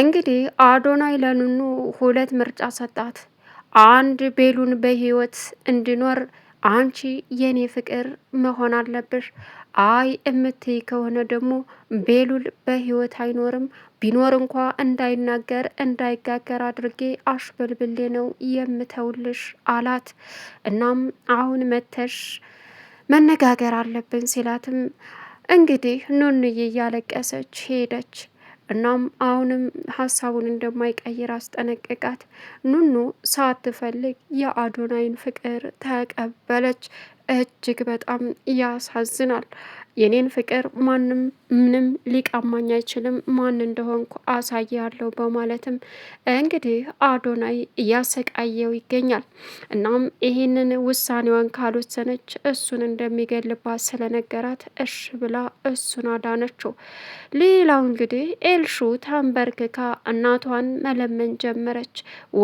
እንግዲህ አዶናይ ለኑኑ ሁለት ምርጫ ሰጣት። አንድ ቤሉን በህይወት እንዲኖር አንቺ የኔ ፍቅር መሆን አለብሽ፣ አይ እምትይ ከሆነ ደግሞ ቤሉል በህይወት አይኖርም፣ ቢኖር እንኳ እንዳይናገር እንዳይጋገር አድርጌ አሽበልብሌ ነው የምተውልሽ አላት። እናም አሁን መተሽ መነጋገር አለብን ሲላትም እንግዲህ ኑኑዬ እያለቀሰች ሄደች። እናም አሁንም ሀሳቡን እንደማይቀይር አስጠነቀቃት። ኑኑ ሳትፈልግ የአዶናይን ፍቅር ተቀበለች። እጅግ በጣም ያሳዝናል። የኔን ፍቅር ማንም ምንም ሊቀማኝ አይችልም፣ ማን እንደሆንኩ አሳያለሁ በማለትም እንግዲህ አዶናይ እያሰቃየው ይገኛል። እናም ይህንን ውሳኔዋን ካልወሰነች እሱን እንደሚገልባት ስለነገራት እሽ ብላ እሱን አዳነችው። ሌላው እንግዲህ ኤልሹ ተንበርክካ እናቷን መለመን ጀመረች።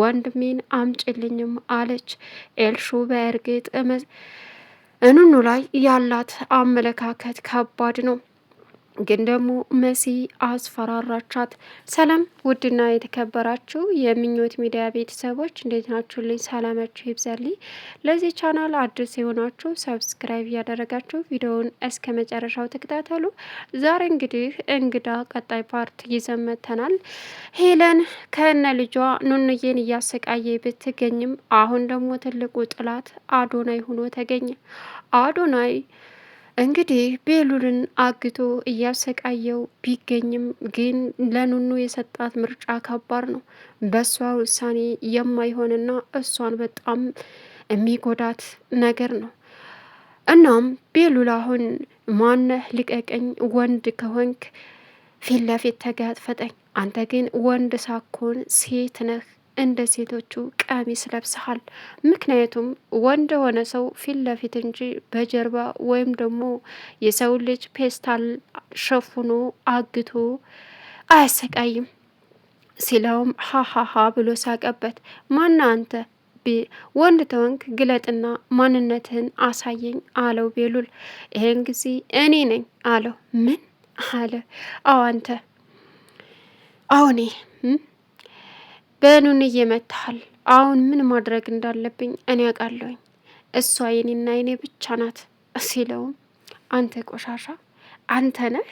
ወንድሜን አምጭልኝም አለች ኤልሹ በእርግጥ እኑኑ ላይ ያላት አመለካከት ከባድ ነው። ግን ደግሞ መሲ አስፈራራቻት። ሰላም ውድና የተከበራችሁ የምኞት ሚዲያ ቤተሰቦች እንዴት ናችሁልኝ? ሰላማችሁ ይብዛልኝ። ለዚህ ቻናል አዲስ የሆናችሁ ሰብስክራይብ እያደረጋችሁ ቪዲዮውን እስከ መጨረሻው ተከታተሉ። ዛሬ እንግዲህ እንግዳ ቀጣይ ፓርት ይዘመተናል። ሄለን ከነ ልጇ ኑኑዬን እያሰቃየ ብትገኝም አሁን ደግሞ ትልቁ ጥላት አዶናይ ሆኖ ተገኘ። አዶናይ እንግዲህ ቤሉልን አግቶ እያሰቃየው ቢገኝም ግን ለኑኑ የሰጣት ምርጫ ከባድ ነው። በእሷ ውሳኔ የማይሆንና እሷን በጣም የሚጎዳት ነገር ነው። እናም ቤሉል አሁን ማነህ ልቀቀኝ፣ ወንድ ከሆንክ ፊት ለፊት ተጋፈጠኝ፣ አንተ ግን ወንድ ሳኮን ሴት ነህ እንደ ሴቶቹ ቀሚስ ለብሰሃል። ምክንያቱም ወንድ የሆነ ሰው ፊት ለፊት እንጂ በጀርባ ወይም ደግሞ የሰው ልጅ ፔስታል ሸፍኖ አግቶ አያሰቃይም ሲለውም ሀሀሀ ብሎ ሳቀበት። ማና አንተ ወንድ ተወንክ ግለጥና ማንነትህን አሳየኝ አለው ቤሉል። ይሄን ጊዜ እኔ ነኝ አለው። ምን አለ? አዎ አንተ አሁኔ በኑንዬ መታሃል። አሁን ምን ማድረግ እንዳለብኝ እኔ አውቃለሁኝ። እሷ የኔና የኔ ብቻ ናት ሲለውም አንተ ቆሻሻ አንተ ነህ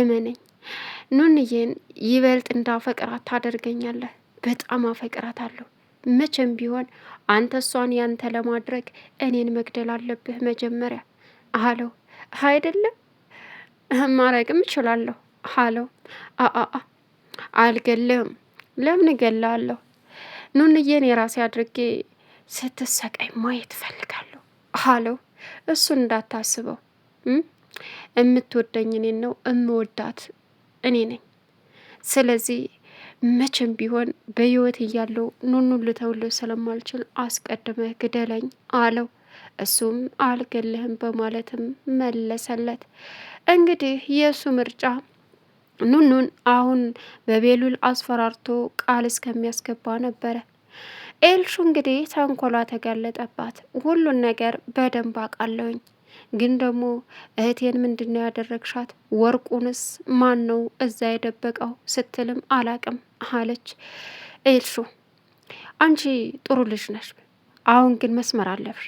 እመነኝ፣ ኑንዬን ይበልጥ እንዳፈቅራት ታደርገኛለህ። በጣም አፈቅራት አለሁ። መቼም ቢሆን አንተ እሷን ያንተ ለማድረግ እኔን መግደል አለብህ መጀመሪያ አለው። አይደለም ማድረግም እችላለሁ አለው። አአ አልገልህም ለምን እገላለሁ? ኑንዬን የራሴ አድርጌ ስትሰቃይ ማየት እፈልጋለሁ አለው። እሱን እንዳታስበው የምትወደኝ እኔን ነው እምወዳት እኔ ነኝ። ስለዚህ መቼም ቢሆን በህይወት እያለው ኑኑ ልተውልህ ስለማልችል አስቀድመህ ግደለኝ አለው። እሱም አልገልህም በማለትም መለሰለት። እንግዲህ የእሱ ምርጫ ኑኑን አሁን በቤሉል አስፈራርቶ ቃል እስከሚያስገባ ነበረ። ኤልሹ እንግዲህ ተንኮሏ ተጋለጠባት። ሁሉን ነገር በደንብ አቃለውኝ፣ ግን ደግሞ እህቴን ምንድን ነው ያደረግሻት? ወርቁንስ ማን ነው እዛ የደበቀው? ስትልም አላቅም አለች ኤልሹ። አንቺ ጥሩ ልጅ ነሽ፣ አሁን ግን መስመር አለብሽ።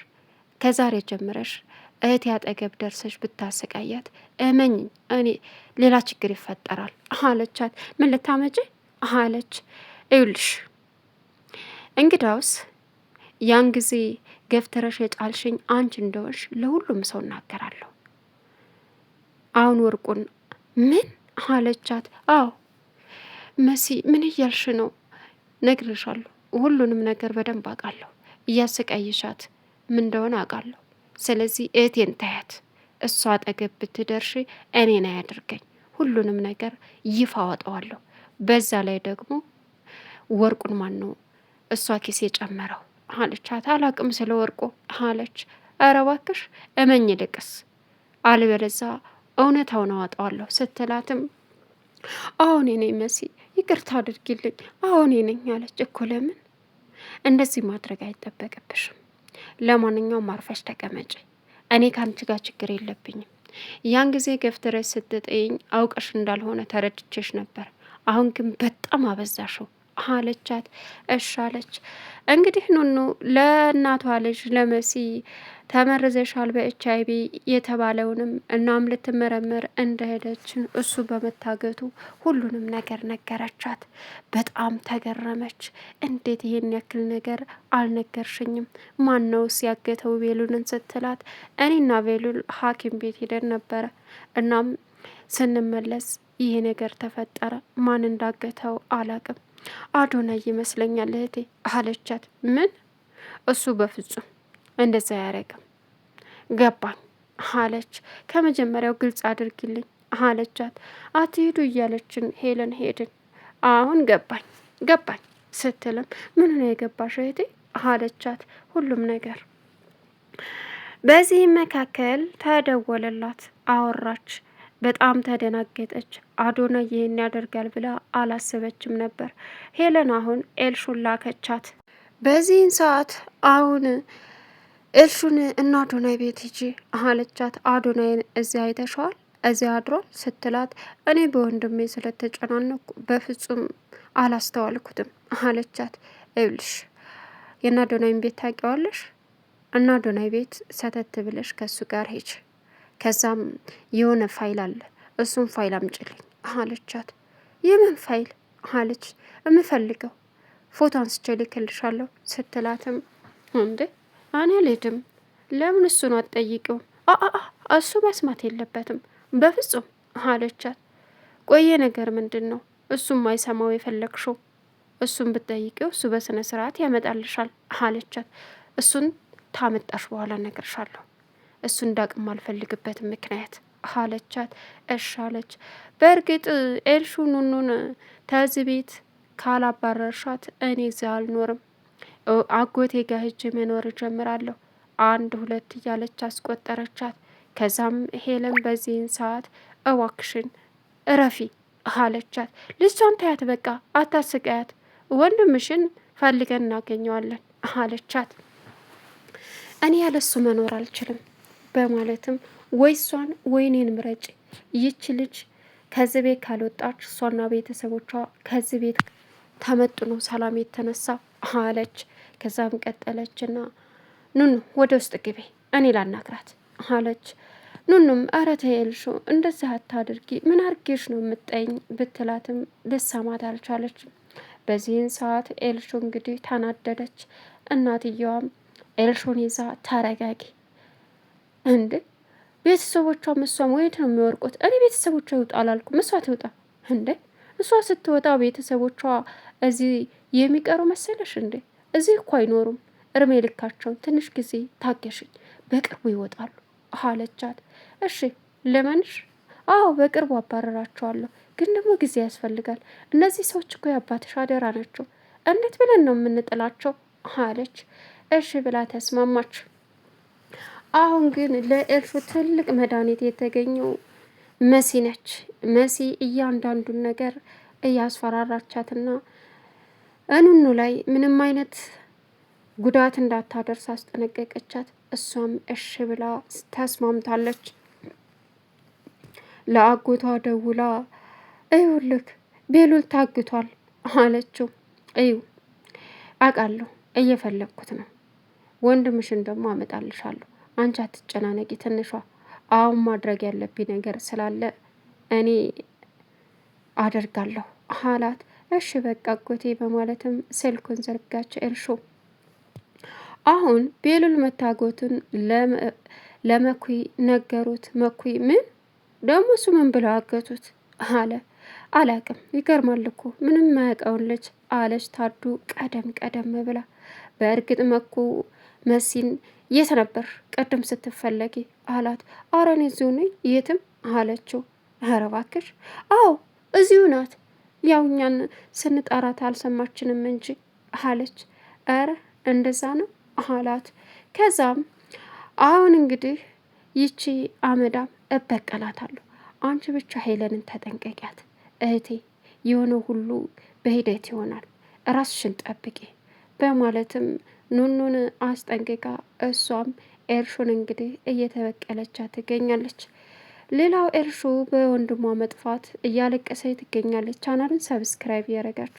ከዛሬ ጀምረሽ እህቴ አጠገብ ደርሰሽ ብታሰቃያት እመኝ እኔ ሌላ ችግር ይፈጠራል አለቻት። ምን ልታመጪ አለች። እዩልሽ እንግዳውስ ያን ጊዜ ገፍትረሽ የጫልሽኝ አንቺ እንደሆንሽ ለሁሉም ሰው እናገራለሁ። አሁን ወርቁን ምን አለቻት። አዎ መሲ ምን እያልሽ ነው? ነግርሻለሁ። ሁሉንም ነገር በደንብ አውቃለሁ። እያሰቃይሻት ምን እንደሆነ አውቃለሁ። ስለዚህ እህቴን ታያት እሷ አጠገብ ብትደርሺ እኔን አያድርገኝ ሁሉንም ነገር ይፋ አወጣዋለሁ። በዛ ላይ ደግሞ ወርቁን ማን ነው እሷ ኪስ የጨመረው አለቻት። አላቅም ስለ ወርቁ አለች። ኧረ እባክሽ እመኝ ልቅስ አልበለዛ እውነታውን አወጣዋለሁ ስትላትም አሁን ኔ መሲ ይቅርታ አድርጊልኝ፣ አሁን ነኝ አለች። እኮ ለምን እንደዚህ ማድረግ አይጠበቅብሽም። ለማንኛውም አርፈሽ ተቀመጪ እኔ ከአንቺ ጋር ችግር የለብኝም። ያን ጊዜ ገፍትረሽ ስትጥይኝ አውቀሽ እንዳልሆነ ተረድቼሽ ነበር። አሁን ግን በጣም አበዛሽው። አለቻት። እሻለች እንግዲህ ኑኑ ለእናቷ ልጅ ለመሲ ተመርዘሻል በኤች የተባለውንም እናም ልትመረመር እንደሄደች እሱ በመታገቱ ሁሉንም ነገር ነገረቻት። በጣም ተገረመች። እንዴት ይሄን ያክል ነገር አልነገርሽኝም? ማን ነውስ ያገተው ቤሉልን ስትላት እኔና ቤሉል ሐኪም ቤት ሄደን ነበረ። እናም ስንመለስ ይሄ ነገር ተፈጠረ። ማን እንዳገተው አላቅም አዶናይ ይመስለኛል እህቴ አለቻት። ምን እሱ በፍጹም እንደዛ አያረግም ገባኝ አለች። ከመጀመሪያው ግልጽ አድርግልኝ አለቻት። አትሄዱ እያለችን ሄለን ሄድን። አሁን ገባኝ ገባኝ ስትልም ምን ነው የገባሽ እህቴ አለቻት። ሁሉም ነገር በዚህም መካከል ተደወለላት፣ አወራች። በጣም ተደናገጠች። አዶናይ ይህን ያደርጋል ብላ አላሰበችም ነበር። ሄለን አሁን ኤልሹን ላከቻት። በዚህን ሰዓት አሁን ኤልሹን እና አዶናይ ቤት ሂጂ አለቻት። አዶናይን እዚያ አይተሸዋል እዚያ አድሯል ስትላት፣ እኔ በወንድሜ ስለተጨናነኩ በፍጹም አላስተዋልኩትም አለቻት። ይኸውልሽ የአዶናይን ቤት ታውቂዋለሽ እና አዶናይ ቤት ሰተት ብለሽ ከእሱ ጋር ሄች ከዛም የሆነ ፋይል አለ እሱን ፋይል አምጭልኝ አለቻት። የምን ፋይል አለች። የምፈልገው ፎቶ አንስቼ ልክልሻለሁ ስትላትም እንዴ እኔ ልድም ለምን እሱን አትጠይቂውም? እሱ መስማት የለበትም በፍጹም አለቻት። ቆየ ነገር ምንድን ነው እሱም አይሰማው የፈለግሽው? እሱን ብትጠይቂው እሱ በስነ ስርዓት ያመጣልሻል አለቻት። እሱን ታመጣሽ በኋላ እነግርሻለሁ እሱ እንዳቅም አልፈልግበትም ምክንያት አለቻት። እሺ አለች። በእርግጥ ኤልሹ ኑኑን ተዚህ ቤት ካላባረርሻት እኔ እዚያ አልኖርም፣ አጎቴ ጋ መኖር እጀምራለሁ አንድ ሁለት እያለች አስቆጠረቻት። ከዛም ሄለን በዚህን ሰዓት እዋክሽን እረፊ አለቻት። ልሷን ታያት፣ በቃ አታስቀያት፣ ወንድምሽን ፈልገን እናገኘዋለን አለቻት። እኔ ያለሱ መኖር አልችልም በማለትም ወይ እሷን ወይ እኔን ምረጭ፣ ይቺ ልጅ ከዚህ ቤት ካልወጣች እሷና ቤተሰቦቿ ከዚህ ቤት ተመጥኖ ሰላም የተነሳ አለች። ከዛም ቀጠለችና ኑኑ ወደ ውስጥ ግቤ እኔ ላናግራት አለች። ኑኑም ኧረ ተይ እንደዚህ አታድርጊ፣ ምን አርጌሽ ነው የምጠኝ ብትላትም ልሰማት አልቻለች። በዚህን ሰዓት ኤልሹ እንግዲህ ታናደደች። እናትየዋም ኤልሹን ይዛ ተረጋጊ እንዴ ቤተሰቦቿ እሷም ወዴት ነው የሚወርቁት? እኔ ቤተሰቦቿ ይውጣ አላልኩም፣ እሷ ትውጣ። እንዴ እሷ ስትወጣ ቤተሰቦቿ እዚህ የሚቀሩ መሰለሽ እንዴ? እዚህ እኮ አይኖሩም። እርሜ ልካቸውን ትንሽ ጊዜ ታገሽኝ፣ በቅርቡ ይወጣሉ አለቻት። እሺ ለመንሽ? አዎ በቅርቡ አባረራቸዋለሁ፣ ግን ደግሞ ጊዜ ያስፈልጋል። እነዚህ ሰዎች እኮ የአባትሽ አደራ ናቸው። እንዴት ብለን ነው የምንጥላቸው? አለች። እሺ ብላ ተስማማች። አሁን ግን ለእልፉ ትልቅ መድኃኒት የተገኘው መሲ ነች። መሲ እያንዳንዱን ነገር እያስፈራራቻትና እኑኑ ላይ ምንም አይነት ጉዳት እንዳታደርስ አስጠነቀቀቻት። እሷም እሽ ብላ ተስማምታለች። ለአጎቷ ደውላ ልክ ቤሉል ታግቷል አለችው። እዩ አውቃለሁ፣ እየፈለግኩት ነው። ወንድምሽን ደግሞ አመጣልሻለሁ አንቺ አትጨናነቂ ትንሿ። አሁን ማድረግ ያለብኝ ነገር ስላለ እኔ አደርጋለሁ አላት። እሺ በቃ ጎቴ በማለትም ስልኩን ዘርጋች እርሾ አሁን ቤሉል መታጎቱን ለመኩ ነገሩት። መኩ ምን ደግሞ እሱ ምን ብለው አገቱት አለ። አላቅም ይገርማል እኮ ምንም ማያውቀውን ልጅ አለች ታዱ ቀደም ቀደም ብላ በእርግጥ መኩ መሲን የት ነበር ቅድም ስትፈለጊ አላት። አረ እኔ እዚሁ ነኝ የትም አለችው። ኧረ እባክሽ አዎ እዚሁ ናት፣ ያው እኛን ስንጠራት አልሰማችንም እንጂ አለች። ኧረ እንደዛ ነው አላት። ከዛም አሁን እንግዲህ ይቺ አመዳም እበቀላታለሁ። አንቺ ብቻ ሄለንን ተጠንቀቂያት እህቴ፣ የሆነ ሁሉ በሂደት ይሆናል፣ ራስሽን ጠብቂ በማለትም ኑኑን አስጠንቅቃ እሷም ኤርሹን እንግዲህ እየተበቀለቻ ትገኛለች። ሌላው ኤርሹ በወንድሟ መጥፋት እያለቀሰ ትገኛለች። ቻናሉን ሰብስክራይብ ያደረጋችሁ